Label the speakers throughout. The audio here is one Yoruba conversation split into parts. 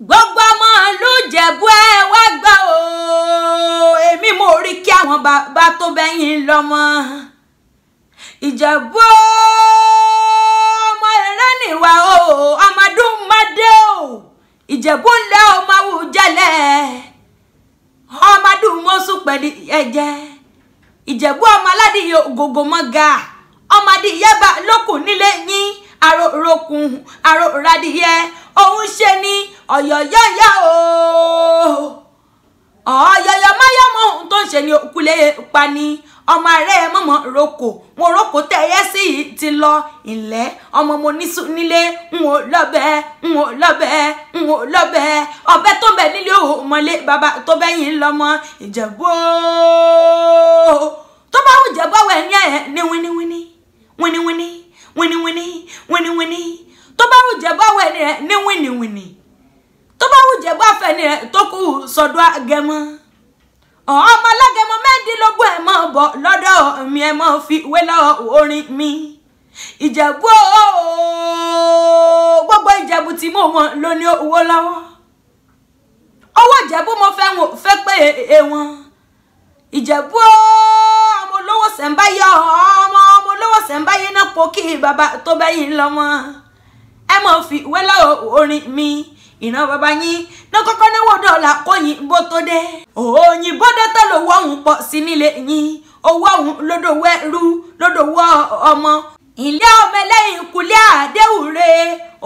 Speaker 1: gbogbo ọmọ ló jẹ̀bú ẹ wá gbà ó èmi mo rí kí àwọn bàbá tó bẹ́yìn lọ́mọ ìjẹ̀bú ọmọ rere nìwà o ọmọdúnmọdé o ìjẹ̀bú ńlẹ̀ ọmọ àwùjalẹ̀ ọmọdúnmọ́sùn pẹ̀lú ẹ̀jẹ̀ ìjẹ̀bú ọmọ aládìyẹ ògògò mọ́gà ọmọdìyẹ lókùn nílé yín àròrokùn àròradìyẹ òun ṣe ni ọ̀yọ̀ yáyá o ọ̀yọ̀yọ̀ máyọ̀mọ́ ohun tó ń ṣe ni òkúlé pa ni ọmọ ààrẹ mọ̀mọ́ roko mo roko tẹ̀yẹ́ sí i ti lọ ilẹ̀ ọmọ mo níṣu nílé n ò lọ́bẹ̀ n ò lọ́bẹ̀ n ò lọ́bẹ̀ ọbẹ̀ tó bẹ̀ nílé òhò mọ́lé bàbá tó bẹ́yìn lọ́mọ ìjẹ̀bú tó bá wù jẹ̀bú ọ̀wẹ̀ ní ẹ̀ ní wíníwíní wíníwíní wíníwíní wíníwíní tó bá wù jẹ̀bú ọ̀wẹ̀ ní wíníwíní bá wù Ìjẹ̀bú àfẹni rẹ̀ tó kù sọ́dọ̀ Agẹmọ ọmọ alágẹmọ mẹ́ẹ̀ẹ́dínlógún ẹ̀ mọ́ bọ̀ lọ́dọ̀ mi ẹ̀ mọ́ fi wé lọ́wọ́ orin mi Ìjẹ̀bú ooo gbogbo Ìjẹ̀bú tí mo wọn ló ní owó lọ́wọ́ owó Ìjẹ̀bú mo fẹ́ wọn fẹ́ pé e wọn Ìjẹ̀bú ooo ọmọ olówó sẹ̀ǹbáyé ọmọ ọmọ olówó sẹ̀ǹbáyé náà pokí bàbá tó bẹ́yìn lọ́wọ́ ẹ mọ́ fi wé lọ́wọ́ orin mi ìran bàbá yín náà kọ́kọ́ náwó dọ́là kóyìnbó tó dé òyìnbó dọ́tọ̀ lówó ọ̀hún pọ̀ sí nílé yín owó ọ̀hún lódòwó ẹrú lódòwó ọmọ ilé ọmọ ẹlẹ́yìn ìkúlẹ̀ àdéhùre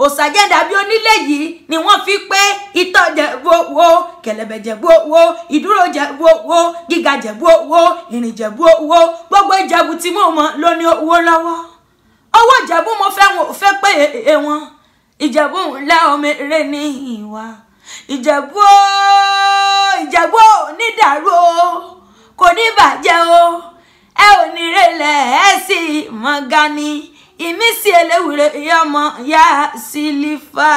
Speaker 1: òsàgẹ́dà bí onílé yìí ni wọ́n fi pé ìtọ̀ jẹ̀bú owó kẹlẹ̀bẹ̀ jẹ̀bú owó ìdúró jẹ̀bú owó gíga jẹ̀bú owó ìrìn jẹ̀bú owó gbogbo ìjẹ̀bú tí mo mọ̀ ló ní owó lọ́wọ́ owó jẹ̀bú mo fẹ́ wọn ò fẹ́ pé èèwọ̀n. E, e, e ìjẹ̀bú ńlá ọmọ eré ní ìwà ìjẹ̀bú o ìjẹ̀bú ò ní dàrú o kò ní bàjẹ́ o ẹ ò ní relẹ̀ ẹ sì mọ gani ìmísí eléwìrè ìyá ya sílífà.